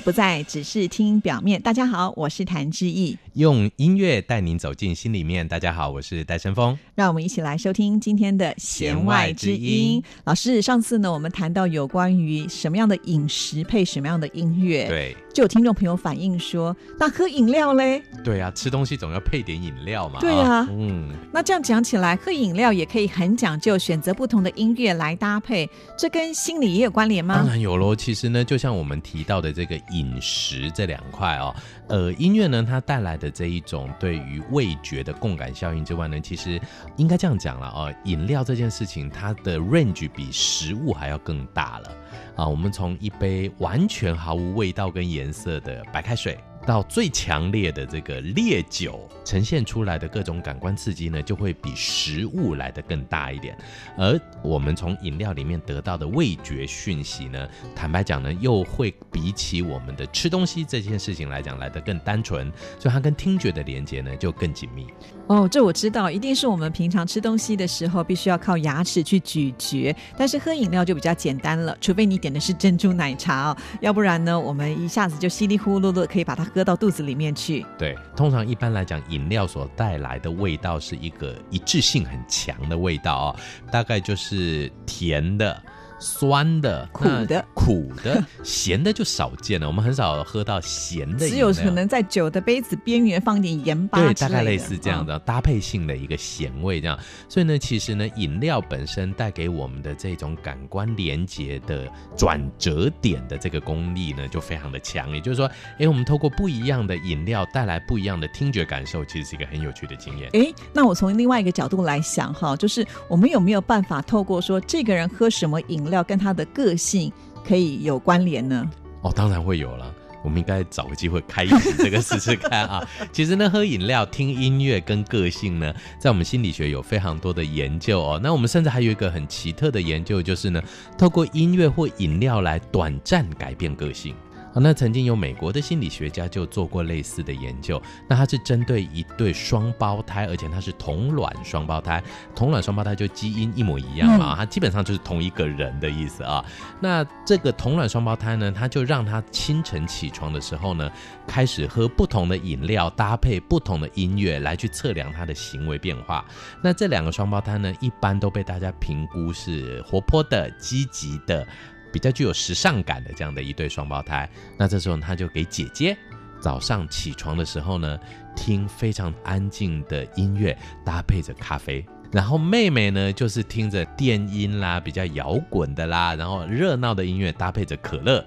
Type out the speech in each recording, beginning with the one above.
不在只是聽表面。大家好，我是譚志毅，用音樂帶您走進心裡面。大家好，我是戴勝峰，讓我們一起來收聽今天的弦外之音。之音。老師，上次呢，我們談到有關於什麼樣的飲食配什麼樣的音樂，對。就有聽眾朋友反映說：“那喝飲料嘞？”“對啊，吃東西總要配點飲料嘛。”“對啊，嗯，那這樣講起來，喝飲料也可以很講究，選擇不同的音樂來搭配，這跟心理也有關聯嗎？”“當然有咯。其實呢，就像我們提到的這個飲食這兩塊哦，呃，音樂呢，它帶來的這一種對於味覺的共感效應之外呢，其實應該這樣講了哦，飲料這件事情，它的 range 比食物還要更大了。”啊，我們從一杯完全毫無味道跟顏色的白開水，到最強烈的這個烈酒呈現出來的各種感官刺激呢，就會比食物來得更大一點。而我們從飲料裡面得到的味覺訊息呢，坦白講呢，又會比起我們的吃東西這件事情來講來得更單純，所以它跟聽覺的連接呢就更緊密。哦，這我知道，一定是我們平常吃東西的時候必須要靠牙齒去咀嚼，但是喝飲料就比較簡單了，除非你點的是珍珠奶茶哦，要不然呢，我們一下子就稀里呼嚕的可以把它喝，喝到肚子裡面去。對，通常一般來講，飲料所帶來的味道是一個一致性很強的味道啊、哦，大概就是甜的。酸的、苦的、苦的、 鹹的就少見了，我們很少喝到鹹的。只有可能在酒的杯子邊緣放點鹽巴，對，大概類似這樣的、嗯、搭配性的一個鹹味這樣。所以呢，其實呢，飲料本身帶給我們的這種感官連接的轉折點的這個功力呢，就非常的強。也就是說，哎、欸，我們透過不一樣的飲料帶來不一樣的聽覺感受，其實是一個很有趣的經驗。哎、欸，那我從另外一個角度來想哈，就是我們有沒有辦法透過說這個人喝什麼飲？料跟他的個性可以有關聯呢？哦，當然會有啦。我們應該找個機會開一瓶這個試試看啊。 其實呢，喝飲料、聽音樂跟個性呢，在我們心理學有非常多的研究哦。那我們甚至還有一個很奇特的研究，就是呢，透過音樂或飲料來短暫改變個性。啊，那曾經有美國的心理學家就做過類似的研究，那他是針對一對雙胞胎，而且他是同卵雙胞胎，同卵雙胞胎就基因一模一樣嘛，啊，嗯，他基本上就是同一個人的意思啊。那這個同卵雙胞胎呢，他就讓他清晨起床的時候呢，開始喝不同的飲料，搭配不同的音樂來去測量他的行為變化。那這兩個雙胞胎呢，一般都被大家評估是活潑的、積極的。比較具有時尚感的這樣的一對雙胞胎，那這時候他就給姐姐早上起床的時候呢，聽非常安靜的音樂搭配着咖啡，然後妹妹呢就是聽着電音啦，比較搖滾的啦，然後熱鬧的音樂搭配着可樂，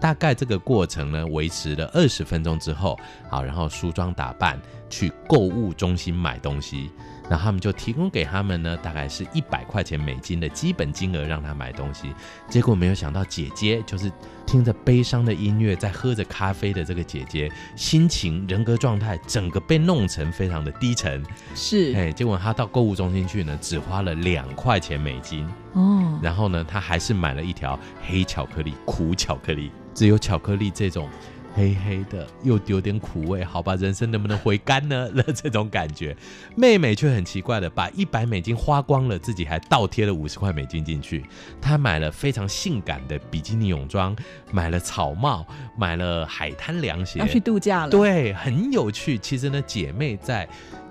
大概這個過程呢維持了二十分鐘之後，好，然後梳妝打扮去購物中心買東西。然後他們就提供給他們呢，大概是一百塊錢美金的基本金額讓他買東西。結果沒有想到，姐姐就是聽着悲傷的音樂在喝着咖啡的這個姐姐，心情、人格狀態整個被弄成非常的低沉。是，哎，結果她到購物中心去呢，只花了兩塊錢美金。哦，然後呢，她還是買了一條黑巧克力、苦巧克力，只有巧克力這種。黑黑的，又有點苦味，好吧，人生能不能回甘呢？這種感覺，妹妹卻很奇怪的把一百美金花光了，自己還倒貼了五十塊美金進去。她買了非常性感的比基尼泳裝，買了草帽，買了海灘涼鞋，要去度假了。對，很有趣。其實呢，姐妹在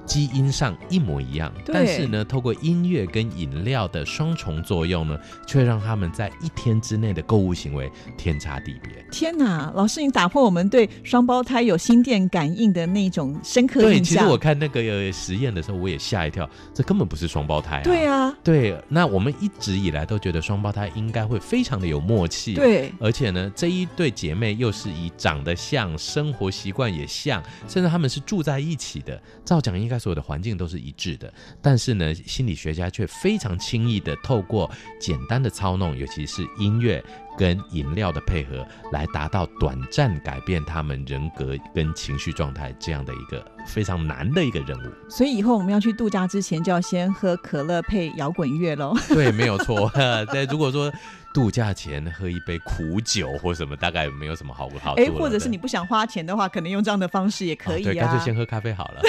基因上一模一樣，但是呢，透過音樂跟飲料的雙重作用呢，卻讓他們在一天之內的購物行為天差地別。天哪、啊，老師，你打破我們對雙胞胎有心電感應的那種深刻印象。對，其實我看那個實驗的時候，我也嚇一跳，這根本不是雙胞胎啊。對啊，對，那我們一直以來都覺得雙胞胎應該會非常的有默契。對，而且呢，這一對姐妹又是以長得像、生活習慣也像，甚至他們是住在一起的，照講應該是。所有的環境都是一致的，但是呢，心理學家卻非常輕易地透過簡單的操弄，尤其是音樂跟飲料的配合，來達到短暫改變他們人格跟情緒狀態這樣的一個非常難的一個任務。所以以後我們要去度假之前，就要先喝可樂配搖滾樂嘍。 對，沒有錯。對，如果說。度假前喝一杯苦酒或什麼，大概沒有什麼好不好的。哎、欸，或者是你不想花錢的話，可能用這樣的方式也可以啊。啊，對，乾脆先喝咖啡好了。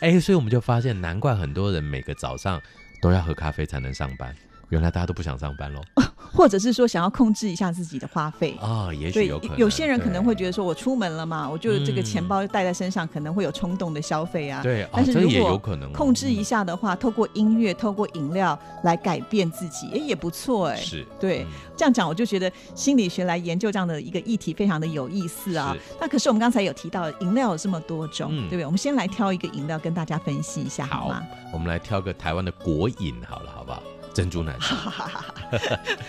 哎、 欸，所以我們就發現，難怪很多人每個早上都要喝咖啡才能上班。原來大家都不想上班嘍，或者是說想要控制一下自己的花費啊，也許有可能。有些人可能會覺得說，我出門了嘛，我就這個錢包帶在身上，可能會有衝動的消費啊。對，但是如果控制一下的話，透過音樂、透過飲料來改變自己，哎，也不錯哎。是，對，這樣講我就覺得心理學來研究這樣的一個議題非常的有意思啊。那可是我們剛才有提到飲料有這麼多種，對不對？我們先來挑一個飲料跟大家分析一下好嗎？我們來挑個台灣的國飲好了，好不好？珍珠奶茶，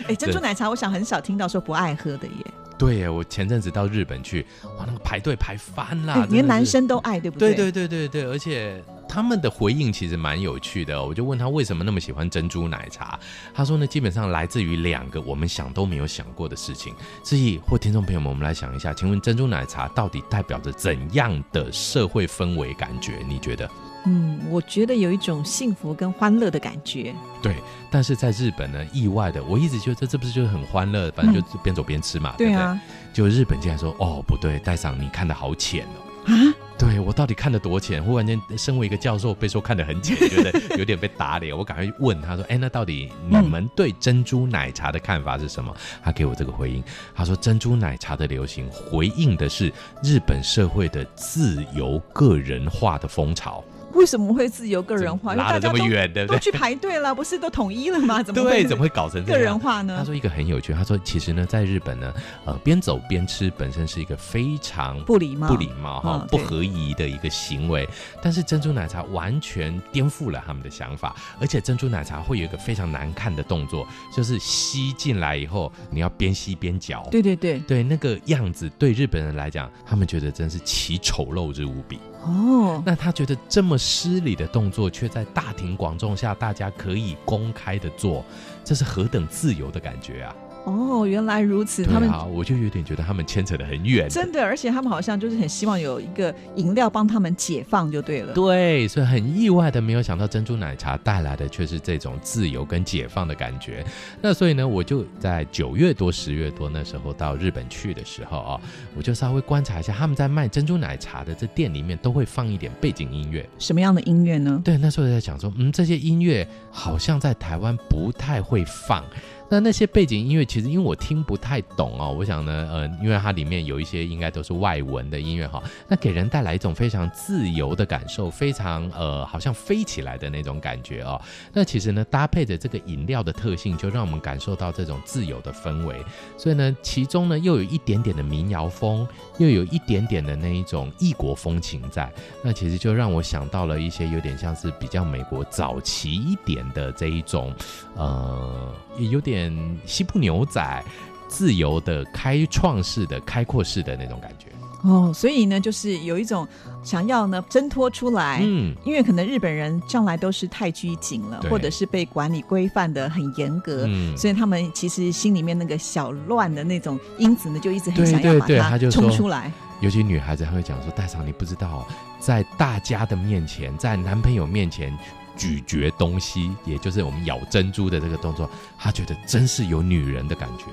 哎，珍珠奶茶，我想很少聽到說不愛喝的耶。對呀，我前陣子到日本去，哇，那個排隊排翻了，欸、連男生都愛，對不對？對對對對對，而且。他們的回應其實蠻有趣的哦，我就問他為什麼那麼喜歡珍珠奶茶？他說呢，基本上來自於兩個我們想都沒有想過的事情。志毅或聽眾朋友們，我們來想一下，請問珍珠奶茶到底代表着怎樣的社會氛圍感覺？你覺得？嗯，我覺得有一種幸福跟歡樂的感覺。對，但是在日本呢，意外的，我一直覺得這這不是就是很歡樂，反正就邊走邊吃嘛，嗯、對不對？就、啊、日本竟然說，哦，不對，戴上你看得好淺哦。啊？對，我到底看得多淺？忽然間，身為一個教授，被說看得很淺，覺得有點被打臉。我趕快去問他說：“哎，那到底你們對珍珠奶茶的看法是什麼？”嗯、他給我這個回應：“他說，珍珠奶茶的流行回應的是日本社會的自由個人化的風潮。”為什麼會自由個人化？因為拉的這麼遠的，對，都去排隊了，不是都統一了嗎？怎麼會怎麼會搞成個人化呢？他說一個很有趣，他說其實呢，在日本呢，呃，邊走邊吃本身是一個非常不禮貌、不禮貌哈、哦、不合宜的一個行為。但是珍珠奶茶完全顛覆了他們的想法，而且珍珠奶茶會有一個非常難看的動作，就是吸進來以後你要邊吸邊嚼。對對對，對那個樣子對日本人來講，他們覺得真是奇醜陋之無比。哦，那他覺得這麼失禮的動作，卻在大庭廣眾下大家可以公開的做，這是何等自由的感覺啊！哦，原來如此。啊、他們，好，我就有點覺得他們牽扯得很遠的。真的，而且他們好像就是很希望有一個飲料幫他們解放，就對了。對，所以很意外的，沒有想到珍珠奶茶帶來的卻是這種自由跟解放的感覺。那所以呢，我就在九月多、十月多那時候到日本去的時候啊、哦，我就稍微觀察一下他們在賣珍珠奶茶的這店裡面都會放一點背景音樂，什麼樣的音樂呢？對，那時候我在想說，嗯，這些音樂好像在台灣不太會放。那那些背景音樂其實，因為我聽不太懂哦，我想呢，呃，因為它裡面有一些應該都是外文的音樂哈，那給人帶來一種非常自由的感受，非常呃，好像飛起來的那種感覺哦。那其實呢，搭配着這個飲料的特性，就讓我們感受到這種自由的氛圍。所以呢，其中呢又有一點點的民謠風，又有一點點的那一種異國風情在。那其實就讓我想到了一些有點像是比較美國早期一點的這一種，呃，也有點。嗯，西部牛仔，自由的、開創式的、開闊式的那種感覺。哦，所以呢，就是有一種想要呢掙脫出來。嗯，因為可能日本人向來都是太拘謹了，對或者是被管理規範的很嚴格，嗯，所以他們其實心裡面那個小亂的那種因子呢，就一直很想要把它衝出來。尤其女孩子，她會講說：“大嫂，你不知道，在大家的面前，在男朋友面前。”咀嚼東西，也就是我們咬珍珠的這個動作，他覺得真是有女人的感覺。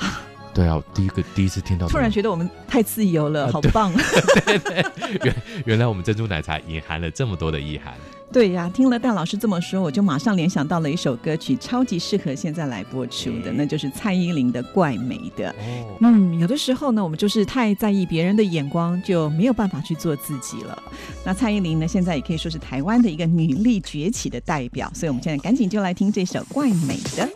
對啊，第一個第一次聽到，這個，突然覺得我們太自由了，啊，好棒。對對，原原來我們珍珠奶茶隱含了這麼多的意涵。對呀、啊，聽了戴老師這麼說，我就馬上聯想到了一首歌曲，超級適合現在來播出的，那就是蔡依林的《怪美的》。哦、嗯，有的時候呢，我們就是太在意別人的眼光，就沒有辦法去做自己了。那蔡依林呢，現在也可以說是台灣的一個女力崛起的代表，所以我們現在趕緊就來聽這首《怪美的》。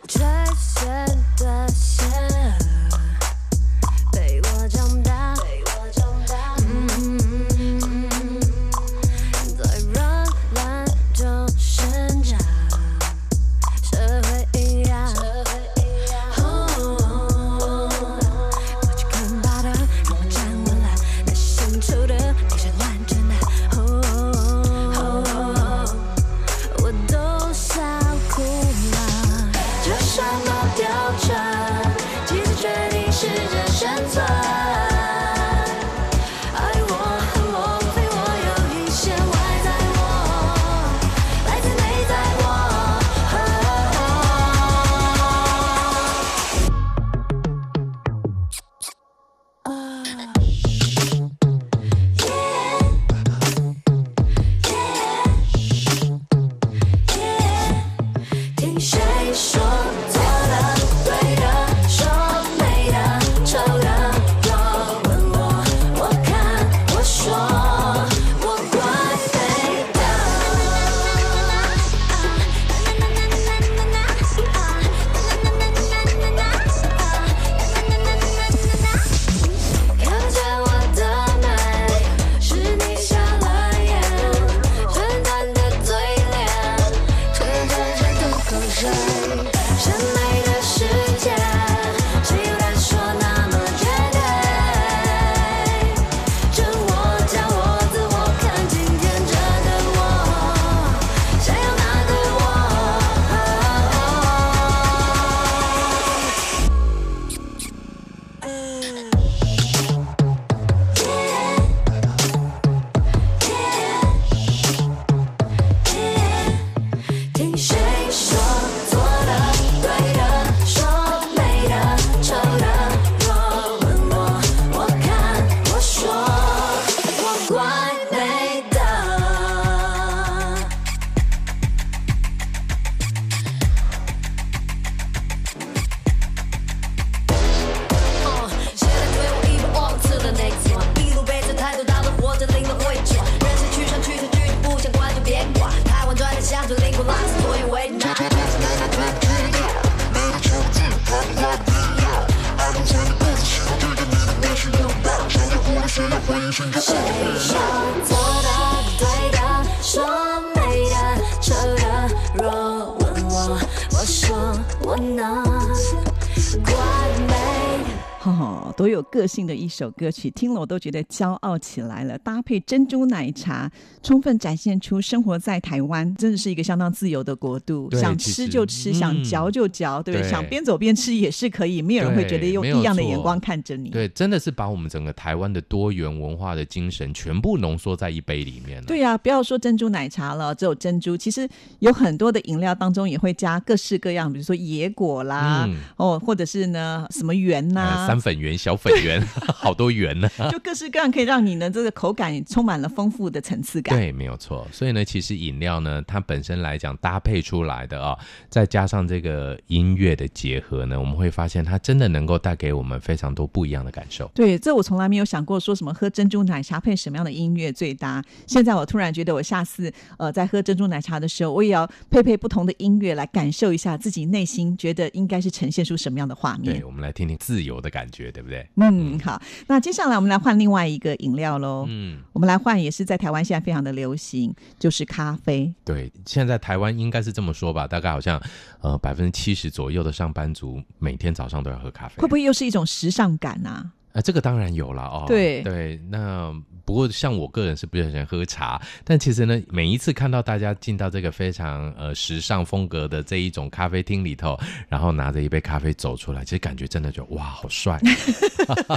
的一首歌曲聽了我都覺得驕傲起來了。搭配珍珠奶茶，充分展現出生活在台灣真的是一個相當自由的國度。對想吃就吃，嗯、想嚼就嚼，對不對？對，對，想邊走邊吃也是可以，沒有人會覺得用異樣的眼光看着你對。對，真的是把我們整個台灣的多元文化的精神全部濃縮在一杯裡面了。對啊，不要說珍珠奶茶了，只有珍珠。其實有很多的飲料當中也會加各式各樣，比如說野果啦，嗯、哦，或者是呢什麼圓吶、啊呃，三粉圓、小粉圓。 好多元呢，就各式各樣可以讓你呢，這個口感充滿了豐富的層次感。 對，沒有錯。所以呢，其實飲料呢，它本身來講搭配出來的啊、哦，再加上這個音樂的結合呢，我們會發現它真的能夠帶給我們非常多不一樣的感受。對，這我從來沒有想過說什麼喝珍珠奶茶配什麼樣的音樂最搭。現在我突然覺得，我下次呃在喝珍珠奶茶的時候，我也要配配不同的音樂來感受一下自己內心覺得應該是呈現出什麼樣的畫面。對，我們來聽聽自由的感覺，對不對？嗯。嗯 好，那接下來我們來換另外一個飲料嘍。嗯，我們來換，也是在台灣現在非常的流行，就是咖啡。對，現在台灣應該是這麼說吧，大概好像呃百分之七十左右的上班族每天早上都要喝咖啡。會不會又是一種時尚感呢？啊，啊，呃，這個當然有了哦。對對，那。不過，像我個人是不是很喜歡喝茶，但其實呢，每一次看到大家進到這個非常呃時尚風格的這一種咖啡廳裡頭，然後拿着一杯咖啡走出來，其實感覺真的就哇好帥，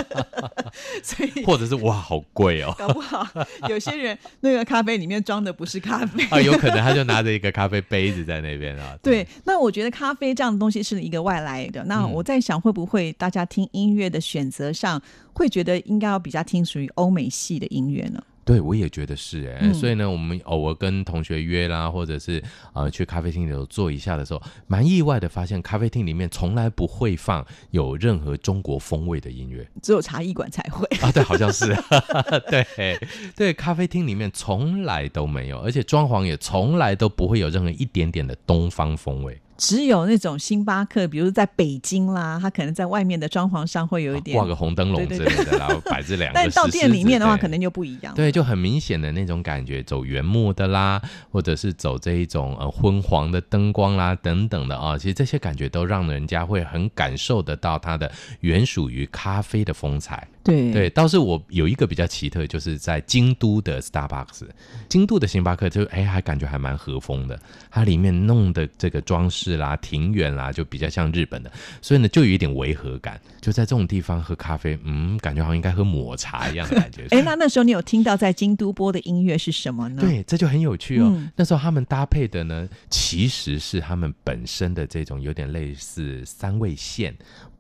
所以或者是哇好貴哦，搞不好有些人那個咖啡裡面裝的不是咖啡 啊，有可能他就拿着一個咖啡杯子在那邊啊。對，對，那我覺得咖啡這樣的東西是一個外來的，那我在想會不會大家聽音樂的選擇上。嗯會覺得應該要比較聽屬於歐美系的音樂呢？對，我也覺得是哎。嗯。所以呢，我們偶爾跟同學約啦，或者是呃去咖啡廳裡坐一下的時候，蠻意外的發現，咖啡廳裡面從來不會放有任何中國風味的音樂，只有茶藝館才會啊。對，好像是， 對對，咖啡廳裡面從來都沒有，而且裝潢也從來都不會有任何一點點的東方風味。只有那種星巴克，比如在北京啦，它可能在外面的裝潢上會有一點掛、啊、個紅燈籠之類的，對對對 然後擺這兩個四四。 但到店裡面的話，可能就不一樣。對，就很明顯的那種感覺，走原木的啦，或者是走這一種呃昏黃的燈光啦等等的啊、哦，其實這些感覺都讓人家會很感受得到它的原屬於咖啡的風采。對對，倒是我有一個比較奇特，就是在京都的 Starbucks，京都的星巴克就哎，還感覺還蠻和風的，它裡面弄的這個裝飾啦、庭園啦，就比較像日本的，所以呢，就有一點違和感。就在這種地方喝咖啡，嗯，感覺好像應該喝抹茶一樣的感覺。哎， 那那時候你有聽到在京都播的音樂是什麼呢？對，這就很有趣哦。嗯，那時候他們搭配的呢，其實是他們本身的這種有點類似三味線。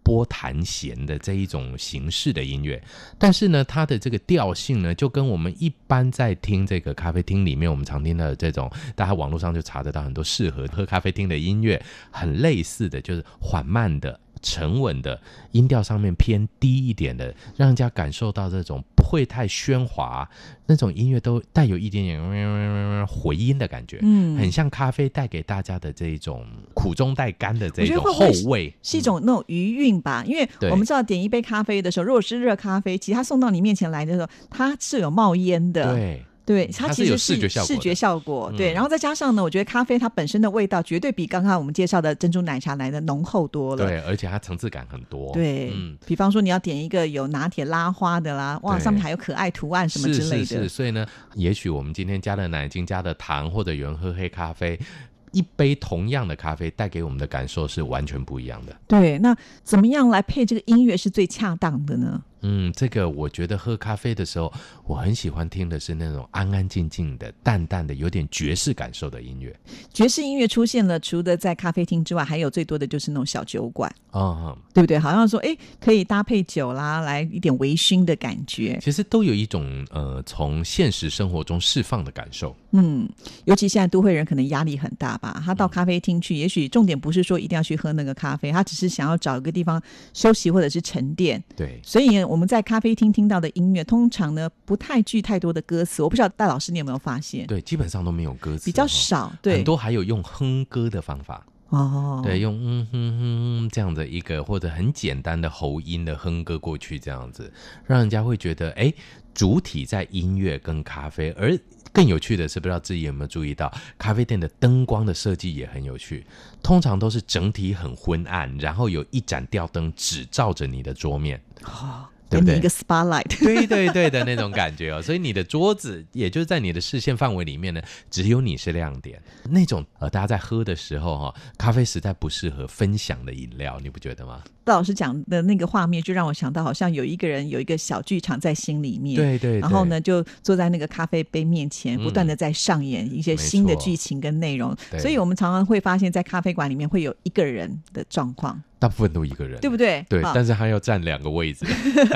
撥彈弦的這一種形式的音樂，但是呢，它的這個調性呢，就跟我們一般在聽這個咖啡廳裡面，我們常聽到的這種，大家網絡上就查得到很多適合喝咖啡廳的音樂，很類似的，就是緩慢的。沉穩的音調上面偏低一點的，讓人家感受到這種不會太喧嘩，那種音樂都帶有一點點回音的感覺，嗯，很像咖啡帶給大家的這一種苦中帶甘的這種後味，是一種那種餘韻吧。因為我們知道點一杯咖啡的時候，如果是熱咖啡，其實它送到你面前來的時候，它是有冒煙的，對。對，它其實是視覺效果。嗯、視覺效果，對，然後再加上呢，我覺得咖啡它本身的味道絕對比剛剛我們介紹的珍珠奶茶來的濃厚多了。對，而且它層次感很多。對，嗯，比方說你要點一個有拿鐵拉花的啦，哇，對上面還有可愛圖案什麼之類的。是是是。所以呢，也許我們今天加了奶精、加了糖，或者有人喝黑咖啡，一杯同樣的咖啡帶給我們的感受是完全不一樣的。對，那怎麼樣來配這個音樂是最恰當的呢？嗯，這個我覺得喝咖啡的時候，我很喜歡聽的是那種安安靜靜的、淡淡的、有點爵士感受的音樂。爵士音樂出現了，除了在咖啡廳之外，還有最多的就是那種小酒館啊，uh huh. 對不對？好像說，哎、欸，可以搭配酒啦，來一點微醺的感覺。其實都有一種呃，從現實生活中釋放的感受。嗯，尤其現在都會人可能壓力很大吧，他到咖啡廳去，嗯、也許重點不是說一定要去喝那個咖啡，他只是想要找一個地方休息或者是沉澱。對，所以。我們在咖啡廳聽到的音樂，通常呢不太具太多的歌詞。我不知道戴老師你有沒有發現？對，基本上都沒有歌詞，比較少。對、哦，很多還有用哼歌的方法。哦，對，用嗯哼哼這樣的一個或者很簡單的喉音的哼歌過去，這樣子讓人家會覺得，哎，主體在音樂跟咖啡。而更有趣的是，不知道自己有沒有注意到，咖啡店的燈光的設計也很有趣。通常都是整體很昏暗，然後有一盞吊燈只照着你的桌面。哦給你一個 spotlight，對對對的那種感覺哦， 所以你的桌子也就是在你的視線範圍裡面呢，只有你是亮點。那種呃，大家在喝的時候哈，咖啡實在不適合分享的飲料，你不覺得嗎？杜老師講的那個畫面，就讓我想到好像有一個人有一個小劇場在心裡面，對對對。然後呢，就坐在那個咖啡杯面前，不斷的在上演一些新的劇情跟內容。嗯，所以我們常常會發現，在咖啡館裡面會有一個人的狀況。大部分都一個人，對不對？對，好但是他要占兩個位置。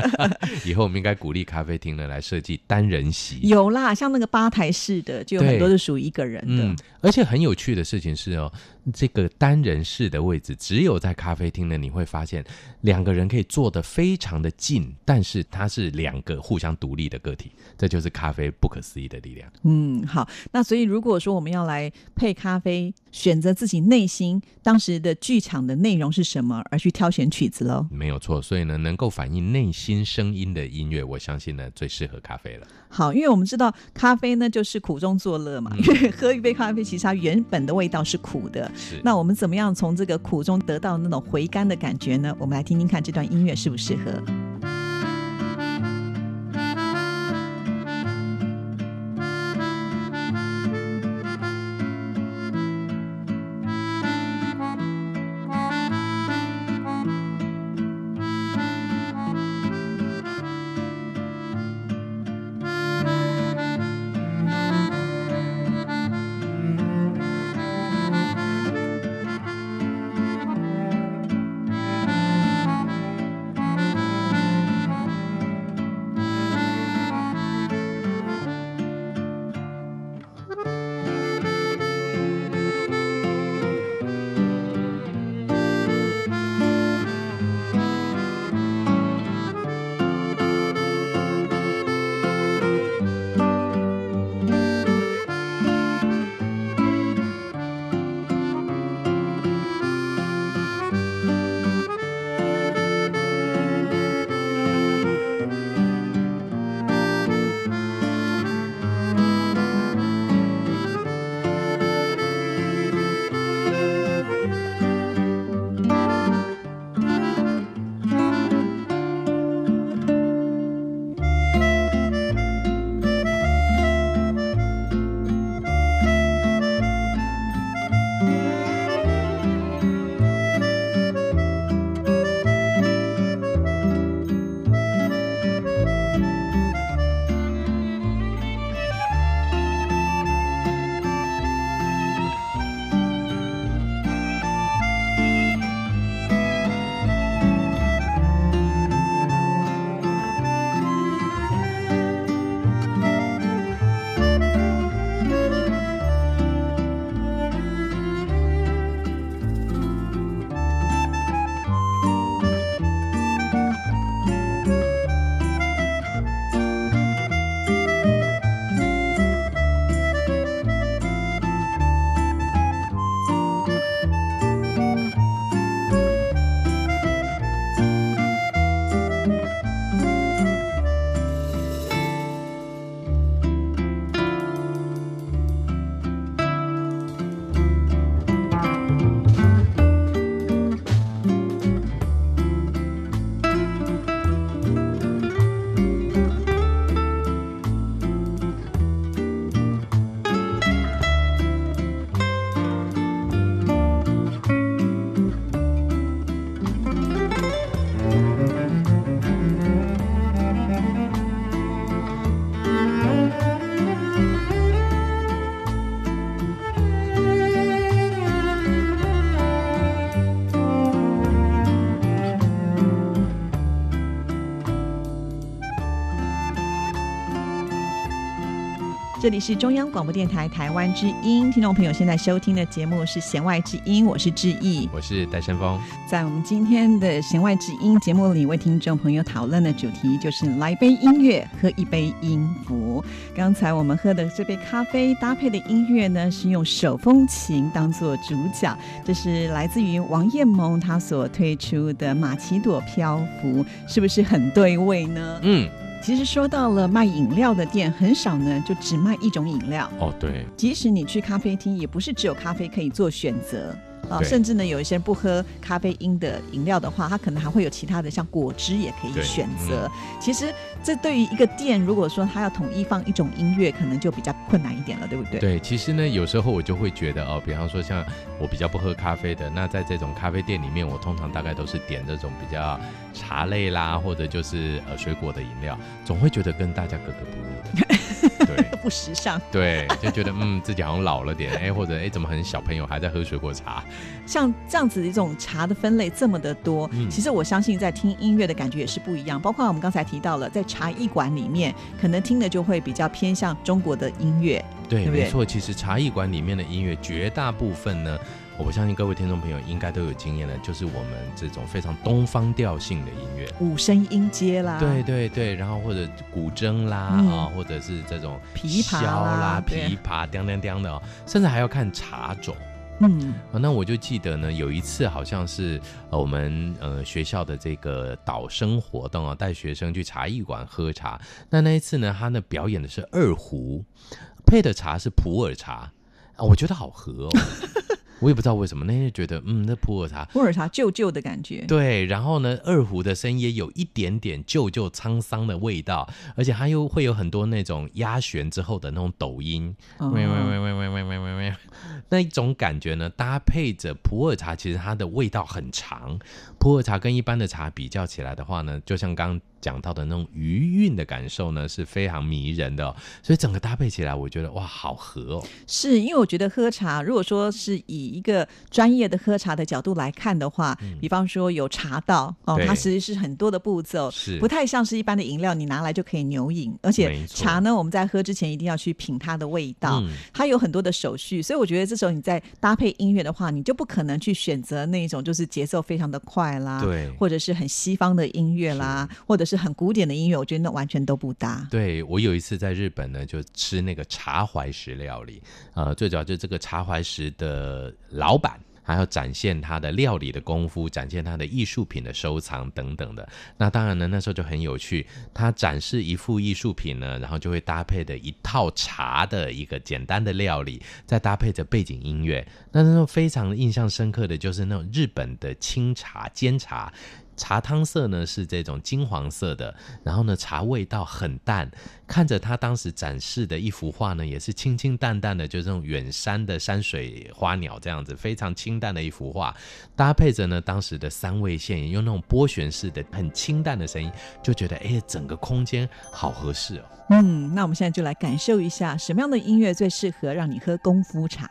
以後我們應該鼓勵咖啡廳呢來設計單人席，有啦，像那個吧台式的，就有很多是屬於一個人的，嗯。而且很有趣的事情是哦。這個單人式的位置，只有在咖啡廳呢，你會發現兩個人可以坐得非常的近，但是它是兩個互相獨立的個體，這就是咖啡不可思議的力量。嗯，好，那所以如果說我們要來配咖啡，選擇自己內心當時的劇場的內容是什麼而去挑選曲子嘍，沒有錯。所以呢，能夠反映內心聲音的音樂，我相信呢最適合咖啡了。好，因為我們知道咖啡呢，就是苦中作樂嘛。嗯、因為喝一杯咖啡，其實它原本的味道是苦的。是那我們怎麼樣從這個苦中得到那種回甘的感覺呢？我們來聽聽看這段音樂適不適合。嗯這裡是中央廣播電台台灣之音，聽眾朋友現在收聽的節目是《弦外之音》，我是志毅，我是戴山峰。在我們今天的《弦外之音》節目裡，為聽眾朋友討論的主題就是“來杯音樂，喝一杯音符”。剛才我們喝的這杯咖啡搭配的音樂呢，是用手風琴當做主角，這是來自於王豔萌她所推出的《瑪奇朵漂浮》，是不是很對味呢？嗯。其實說到了賣飲料的店，很少呢，就只賣一種飲料。哦，oh, 對，即使你去咖啡廳，也不是只有咖啡可以做選擇。哦、對甚至呢，有一些人不喝咖啡因的飲料的話，他可能還會有其他的，像果汁也可以選擇。嗯、其實，這對於一個店，如果說他要統一放一種音樂，可能就比較困難一點了，對不對？對，其實呢，有時候我就會覺得哦，比方說像我比較不喝咖啡的，那在這種咖啡店裡面，我通常大概都是點那種比較茶類啦，或者就是呃水果的飲料，總會覺得跟大家格格不入的。 不時尚，對，就覺得嗯， 自己好像老了點，哎，或者哎，怎麼很小朋友還在喝水果茶？像這樣子的一種茶的分類這麼的多，嗯，其實我相信在聽音樂的感覺也是不一樣。包括我們剛才提到了，在茶藝館裡面，可能聽的就會比較偏向中國的音樂，對，對不對？沒錯，其實茶藝館裡面的音樂絕大部分呢。我相信各位聽眾朋友應該都有經驗的，就是我們這種非常東方調性的音樂，五聲音階啦，對對對，然後或者古箏啦啊、嗯哦，或者是這種琵琶啦，琵琶對叮，叮叮叮的，哦，甚至還要看茶種。嗯、哦，那我就記得呢，有一次好像是、呃、我們呃學校的這個導生活，活動啊，帶學生去茶藝館喝茶。那那一次呢，他呢表演的是二胡，配的茶是普洱茶，哦，我覺得好喝哦。 我也不知道為什麼，那就覺得嗯，那普洱茶，普洱茶舊舊的感覺，對。然後呢，二胡的聲音有一點點舊舊滄桑的味道，而且它又會有很多那種壓弦之後的那種抖音，沒有、嗯，沒有，沒有，沒有。那一種感覺呢，搭配着普洱茶，其實它的味道很長。普洱茶跟一般的茶比較起來的話呢，就像剛剛講到的那種餘韻的感受呢，是非常迷人的、哦。所以整個搭配起來，我覺得哇，好合哦。是因為我覺得喝茶，如果說是以一個專業的喝茶的角度來看的話，嗯、比方說有茶道哦，對它其實是很多的步驟，是不太像是一般的飲料，你拿來就可以牛飲。而且茶呢，錯我們在喝之前一定要去品它的味道，嗯、它有很多的手續。所以我覺得這時候你在搭配音樂的話，你就不可能去選擇那種就是節奏非常的快。對，或者是很西方的音樂啦，是或者是很古典的音樂，我覺得那完全都不搭。對，我有一次在日本呢，就吃那個茶懷石料理，啊、呃，最主要就是這個茶懷石的老闆。還要展現他的料理的功夫，展現他的藝術品的收藏等等的。那當然呢，那時候就很有趣。他展示一幅藝術品呢，然後就會搭配的一套茶的一個簡單的料理，再搭配着背景音樂。那時候非常印象深刻的就是那種日本的清茶、煎茶。茶湯色呢是這種金黃色的，然後呢茶味道很淡，看着他當時展示的一幅畫呢也是清清淡淡的，就這種遠山的山水花鳥這樣子，非常清淡的一幅畫，搭配着呢當時的三味線，用那種波旋式的很清淡的聲音，就覺得哎整個空間好合適哦。嗯，那我們現在就來感受一下什麼樣的音樂最適合讓你喝功夫茶。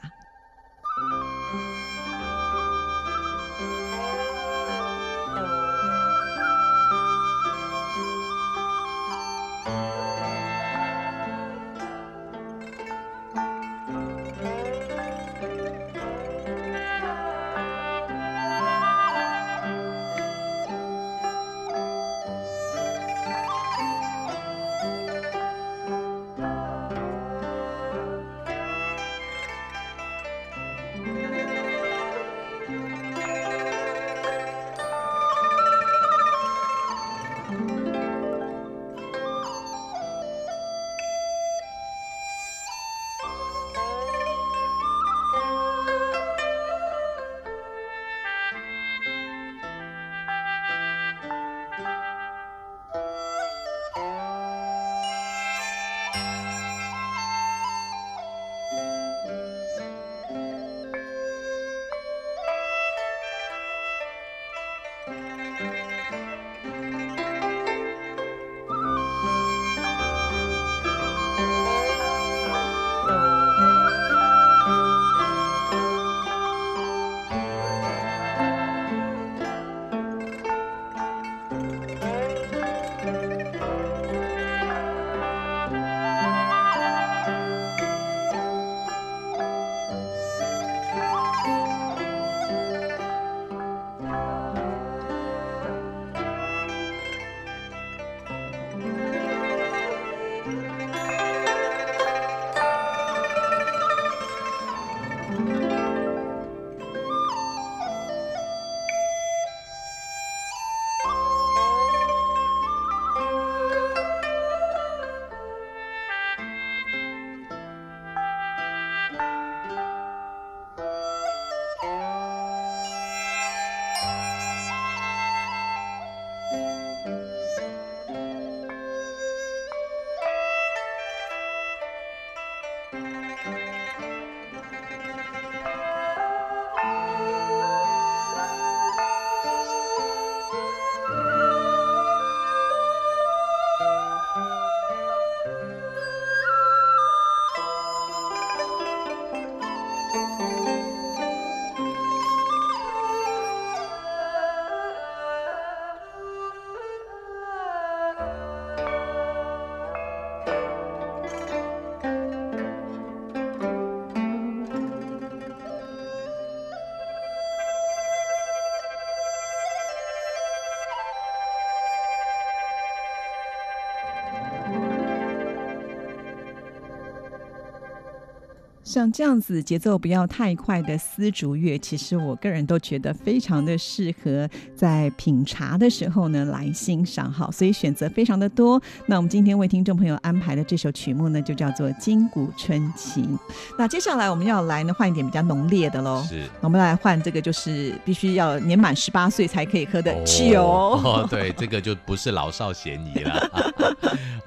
像這樣子節奏不要太快的絲竹樂，其實我個人都覺得非常的適合在品茶的時候呢來欣賞，好，所以選擇非常的多。那我們今天為聽眾朋友安排的這首曲目呢，就叫做《金谷春情》。那接下來我們要來呢換一點比較濃烈的嘍，是，我們來換這個就是必須要年滿十八歲才可以喝的酒哦。哦，對，這個就不是老少咸宜了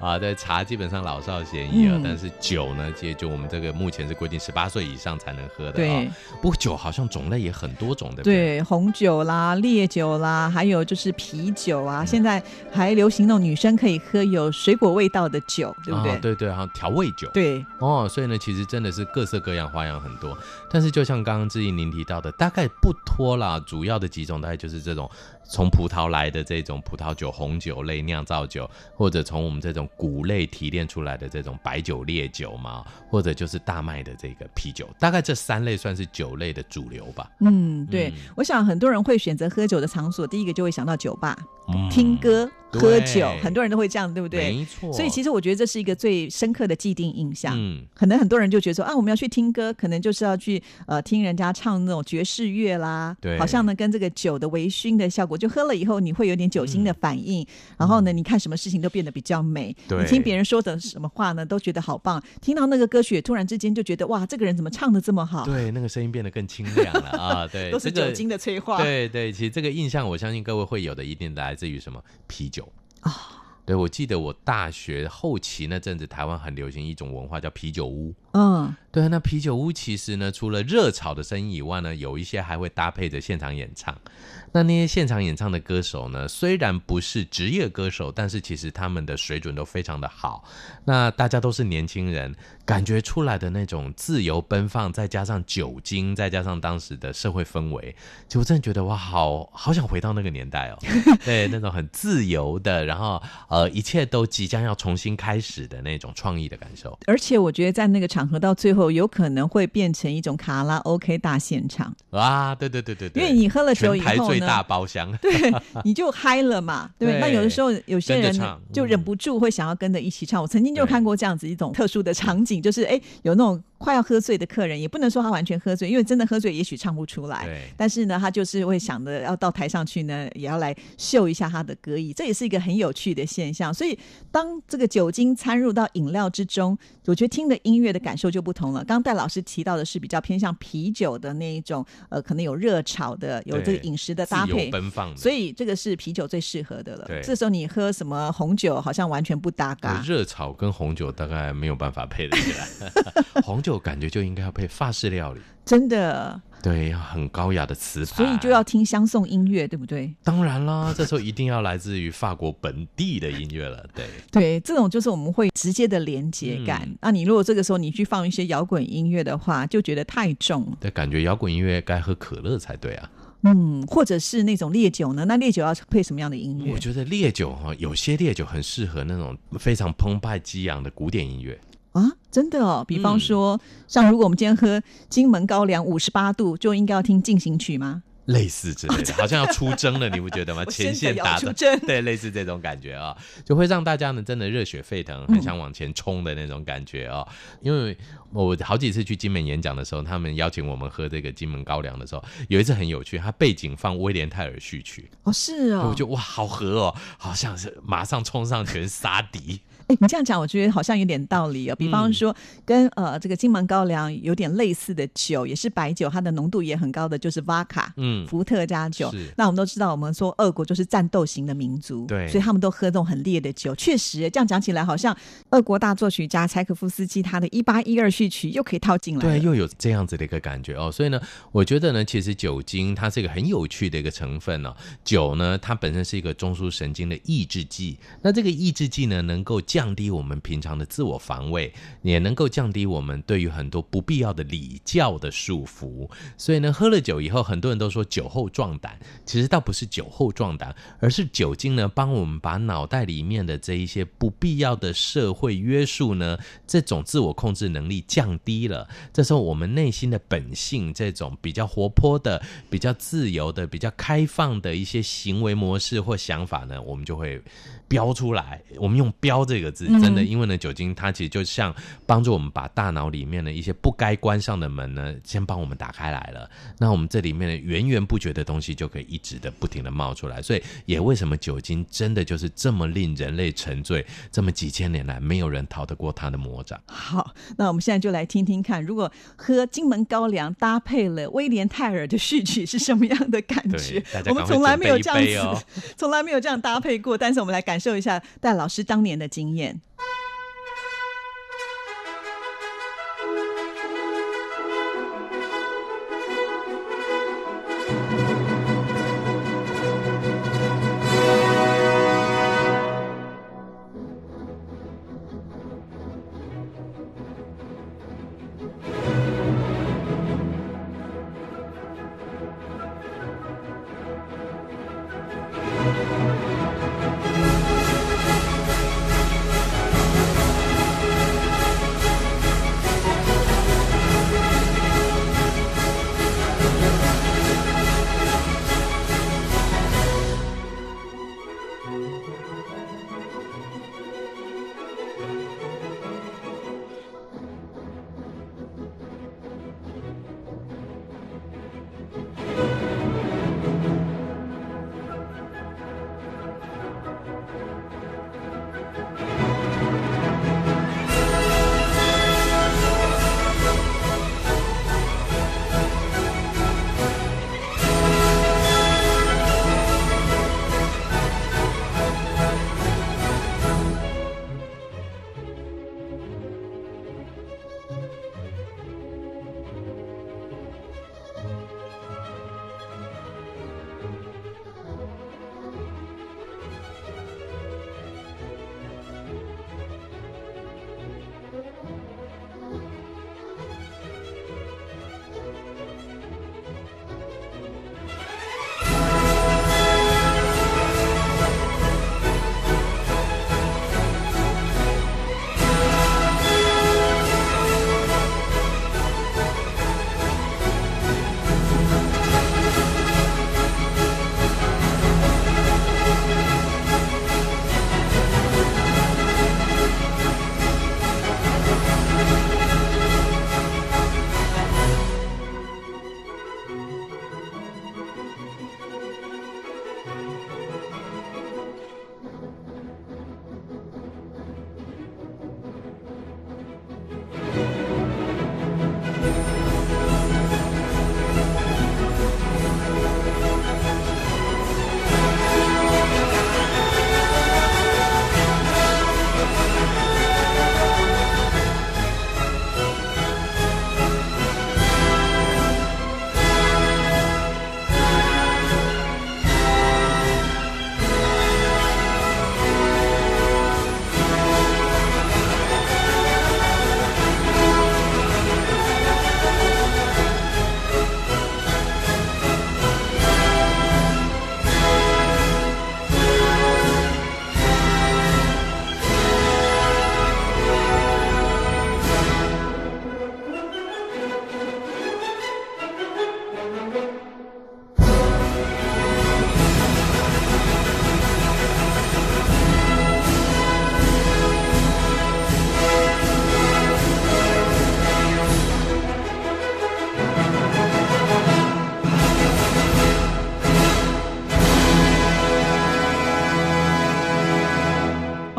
啊。對，茶基本上老少咸宜啊，嗯、但是酒呢，其實就我們這個目前是規定。十八歲以上才能喝的，對、哦。不過酒好像種類也很多種的，對，對，對，紅酒啦、烈酒啦，還有就是啤酒啊。嗯、現在還流行那種女生可以喝有水果味道的酒，對不對？哦、對對、啊，哈，調味酒。對哦，所以呢，其實真的是各色各樣，花樣很多。但是就像剛剛之前您提到的，大概不脫啦，主要的幾種大概就是這種。從葡萄來的這種葡萄酒、紅酒類釀造酒，或者從我們這種穀類提煉出來的這種白酒、烈酒嘛，或者就是大麥的這個啤酒，大概這三類算是酒類的主流吧。嗯，對，嗯、我想很多人會選擇喝酒的場所，第一個就會想到酒吧，嗯、聽歌。對喝酒，很多人都會這樣，對不對？沒錯。所以其實我覺得這是一個最深刻的既定印象。嗯。可能很多人就覺得說啊，我們要去聽歌，可能就是要去呃聽人家唱那種爵士樂啦。對。好像呢，跟這個酒的微醺的效果，就喝了以後你會有點酒精的反應，嗯、然後呢，你看什麼事情都變得比較美。對、嗯。你聽別人說的什麼話呢，都覺得好棒。對聽到那個歌曲，突然之間就覺得哇，這個人怎麼唱的這麼好？對，那個聲音變得更清亮了 啊！對，這個、都是酒精的催化。對對，其實這個印象，我相信各位會有的，一定來自於什麼啤酒。啊，oh. 對，我記得我大學後期那陣子，台灣很流行一種文化，叫啤酒屋。嗯。Oh. 對，那啤酒屋其實呢，除了熱炒的聲音以外呢，有一些還會搭配着現場演唱。那那些現場演唱的歌手呢，雖然不是職業歌手，但是其實他們的水準都非常的好。那大家都是年輕人，感覺出來的那種自由奔放，再加上酒精，再加上當時的社會氛圍，就我真的覺得我好好想回到那個年代哦。 對，那種很自由的，然後呃，一切都即將要重新開始的那種創意的感受。而且我覺得在那個場合到最後。有可能會變成一種卡拉 OK 大現場哇、啊，對對對對對，因為你喝了酒以後呢，全台最大包廂， 對，你就嗨了嘛，對。那對對有的時候有些人就忍不住會想要跟着一起唱。唱嗯、我曾經就看過這樣子一種特殊的場景，對就是哎，有那種。快要喝醉的客人，也不能說他完全喝醉，因為真的喝醉也許唱不出來。對但是呢，他就是會想着要到台上去呢，也要來秀一下他的歌藝，這也是一個很有趣的現象。所以，當這個酒精摻入到飲料之中，我覺得聽的音樂的感受就不同了。剛戴老師提到的是比較偏向啤酒的那一種，呃，可能有熱炒的，有這個飲食的搭配，奔放的。所以這個是啤酒最適合的了。對。這時候你喝什麼紅酒，好像完全不搭嘎。熱炒跟紅酒大概沒有辦法配得起來。紅酒。有感覺就應該要配法式料理，真的。對，要很高雅的瓷盤。所以就要聽香頌音樂，對不對？當然啦，這時候一定要來自於法國本地的音樂了。對 對，這種就是我們會直接的連接感。那、嗯啊、你如果這個時候你去放一些搖滾音樂的話，就覺得太重。對，感覺搖滾音樂該喝可樂才對啊。嗯，或者是那種烈酒呢？那烈酒要配什麼樣的音樂？我覺得烈酒哈，有些烈酒很適合那種非常澎湃激昂的古典音樂。啊，真的哦！比方說，嗯、像如果我們今天喝金門高粱五十八度，就應該要聽進行曲嗎？類似之類，的，哦、的好像要出征了，你不覺得嗎？ 前線打的，對，類似這種感覺啊、哦，就會讓大家呢真的熱血沸騰，很想往前衝的那種感覺啊、哦。嗯、因為我好幾次去金門演講的時候，他們邀請我們喝這個金門高粱的時候，有一次很有趣，他背景放《威廉泰爾序曲》哦，是哦，我就哇，好合哦，好像是馬上衝上前殺敵。 哎、欸，你這樣講，我覺得好像有點道理哦，比方說跟，跟、嗯、呃這個金門高粱有點類似的酒，也是白酒，它的濃度也很高的，就是威卡，嗯，伏特加酒。是那我們都知道，我們說俄國就是戰鬥型的民族，對，所以他們都喝這種很烈的酒。確實，這樣講起來，好像俄國大作曲家柴可夫斯基他的一八一二序曲又可以套進來，對，又有這樣子的一個感覺哦。所以呢，我覺得呢，其實酒精它是一個很有趣的一個成分哦。酒呢，它本身是一個中樞神經的抑制劑，那這個抑制劑呢，能夠降。降低我們平常的自我防衛，也能夠降低我們對於很多不必要的禮教的束縛。所以呢，喝了酒以後，很多人都說酒後壯膽，其實倒不是酒後壯膽，而是酒精呢，幫我們把腦袋裡面的這一些不必要的社會約束呢，這種自我控制能力降低了。這時候，我們內心的本性，這種比較活潑的、比較自由的、比較開放的一些行為模式或想法呢，我們就會。飆出來，我們用“飆”這個字，真的，因為呢，酒精它其實就像幫助我們把大腦裡面的一些不該關上的門呢，先幫我們打開來了。那我們這裡面的源源不絕的東西就可以一直的不停的冒出來，所以也為什麼酒精真的就是這麼令人類沉醉，這麼幾千年來沒有人逃得過它的魔掌。好，那我們現在就來聽聽看，如果喝金門高粱搭配了威廉泰爾的序曲是什麼樣的感覺？我們從來沒有這樣子，喔，從來沒有這樣搭配過，但是我們來感。感受一下戴老師當年的經驗。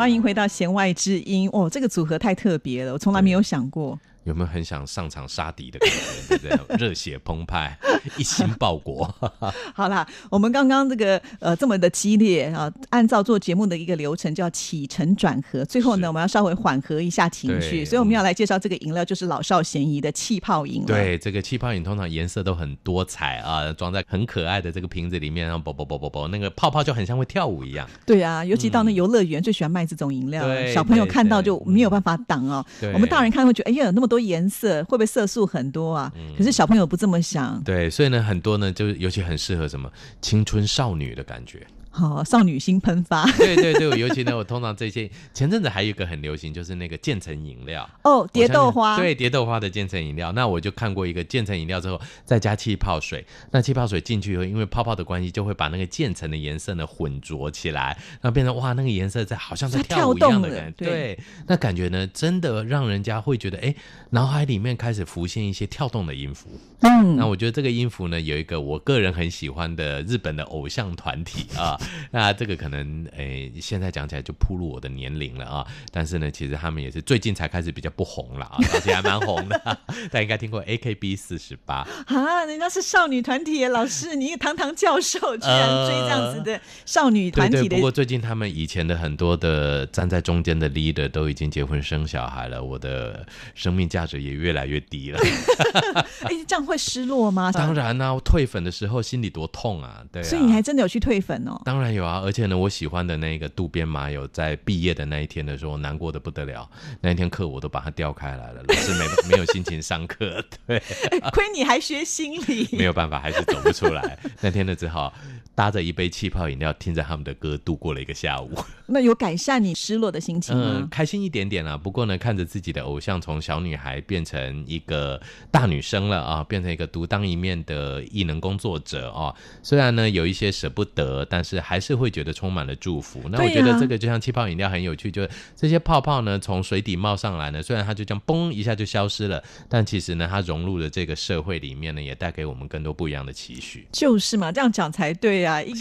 歡迎回到弦外之音。哦，這個組合太特別了，我從來沒有想過。有沒有很想上場殺敵的感覺？對不對？熱血澎湃，一心報國。 好啦，我們剛剛這個呃這麼的激烈啊，按照做節目的一個流程，叫起承轉合。最後呢，是我們要稍微緩和一下情緒，對所以我們要來介紹這個飲料，就是老少咸宜的氣泡飲料。對，這個氣泡飲通常顏色都很多彩啊，裝在很可愛的這個瓶子裡面，然後啵啵啵啵啵，那個泡泡就很像會跳舞一樣。對啊，尤其到那遊樂園，最喜歡賣這種飲料，對小朋友看到就沒有辦法擋哦、喔。對對對，我們大人看會覺得，哎、欸、呀，那麼。多顏色會不會色素很多啊？可是小朋友不這麼想。嗯、對，所以呢，很多呢，就是尤其很適合什麼青春少女的感覺。好，oh, 少女心噴發。 對對對，尤其呢，我通常這些 前陣子還有一個很流行，就是那個漸層飲料哦、oh, 蝶豆花。對，蝶豆花的漸層飲料。那我就看過一個漸層飲料之後再加氣泡水，那氣泡水進去以後，因為泡泡的關係，就會把那個漸層的顏色呢混濁起來，然後變成哇，那個顏色在好像在跳舞一樣的感覺跳動的。對，對，那感覺呢，真的讓人家會覺得哎，腦、欸、海裡面開始浮現一些跳動的音符。嗯，那我覺得這個音符呢，有一個我個人很喜歡的日本的偶像團體啊。 那這個可能誒、欸，現在講起來就曝露我的年齡了啊！但是呢，其實他們也是最近才開始比較不紅了啊，而且還蠻紅的。大家 應該聽過 AKB48 啊，人家是少女團體。老師，你一個堂堂教授，居然追這樣子的少女團體的、呃對對對？不過最近他們以前的很多的站在中間的 leader 都已經結婚生小孩了，我的生命價值也越來越低了。哎、 欸，這樣會失落嗎？當然啊，我退粉的時候心裡多痛啊！對啊，所以你還真的有去退粉哦。當然有啊，而且呢，我喜歡的那個渡邊麻友在畢業的那一天的時候，難過的不得了。那一天課我都把它調開來了，老師沒 沒有心情上課。對啊，虧你還學心理， 沒有辦法，還是走不出來。那天的時候搭着一杯氣泡飲料，聽着他們的歌度過了一個下午。那有改善你失落的心情嗎？嗯，開心一點點啊。不過呢，看着自己的偶像從小女孩變成一個大女生了啊，變成一個獨當一面的藝能工作者啊。雖然呢有一些捨不得，但是還是會覺得充滿了祝福。那我覺得這個就像氣泡飲料很有趣，就這些泡泡呢從水底冒上來呢，雖然它就這樣嘣一下就消失了，但其實呢它融入了這個社會裡面呢，也帶給我們更多不一樣的期許。就是嘛，這樣講才對呀，啊。啊，一個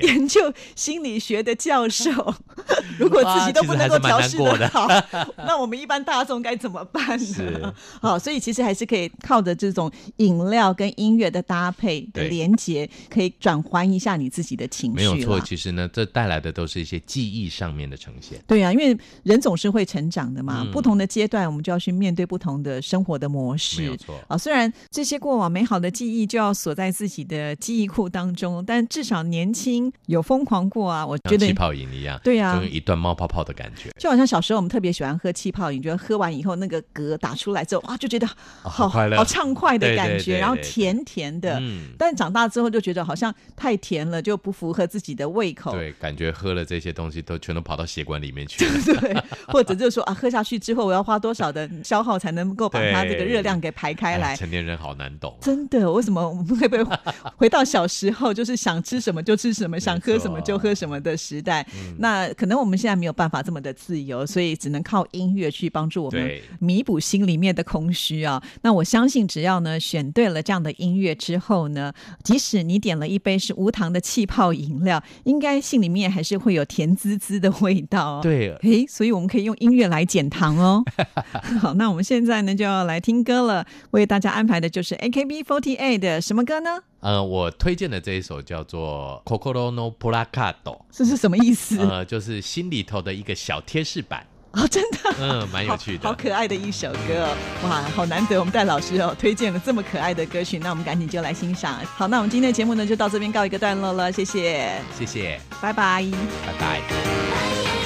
研究心理學的教授， 如果自己都不能夠調適得好，啊、的 那我們一般大眾該怎麼辦呢？是好，所以其實還是可以靠着這種飲料跟音樂的搭配的對連接，可以轉換一下你自己的情緒。沒有錯，其實呢，這帶來的都是一些記憶上面的呈現。對啊，因為人總是會成長的嘛，嗯、不同的階段，我們就要去面對不同的生活的模式。沒錯啊，雖然這些過往美好的記憶就要鎖在自己的記憶庫當中，但。至少年輕有瘋狂過啊！我覺得氣泡飲一樣，對呀、啊，就一段冒泡泡的感覺，就好像小時候我們特別喜歡喝氣泡飲，覺得喝完以後那個嗝打出來之後，哇，就覺得好、哦、好暢快，快的感覺，對對對對，然後甜甜的。嗯、但長大之後就覺得好像太甜了，就不符合自己的胃口。對，感覺喝了這些東西都全都跑到血管裡面去了， 對，或者就是說啊，喝下去之後我要花多少的消耗才能夠把它這個熱量給排開來？對對對對，哎、成年人好難懂，真的，為什麼我們會不會回到小時候，就是想？吃什麼就吃什麼，想喝什麼就喝什麼的時代，哦嗯、那可能我們現在沒有辦法這麼的自由，所以只能靠音樂去幫助我們彌補心裡面的空虛啊。對那我相信，只要呢選對了這樣的音樂之後呢，即使你點了一杯是無糖的氣泡飲料，應該心裡面還是會有甜滋滋的味道，哦。對，哎，所以我們可以用音樂來減糖哦。 好，那我們現在呢就要來聽歌了，為大家安排的就是 AKB48 的什麼歌呢？呃，我推薦的這一首叫做《心のプラカード》這是什麼意思？呃，就是心裡頭的一個小貼士版哦真的、啊，嗯，蠻有趣的好，好可愛的一首歌哇，好難得我們戴老師哦推薦了這麼可愛的歌曲，那我們趕緊就來欣賞。好，那我們今天的節目呢就到這邊告一個段落了，謝謝，謝謝，拜拜 bye，拜拜。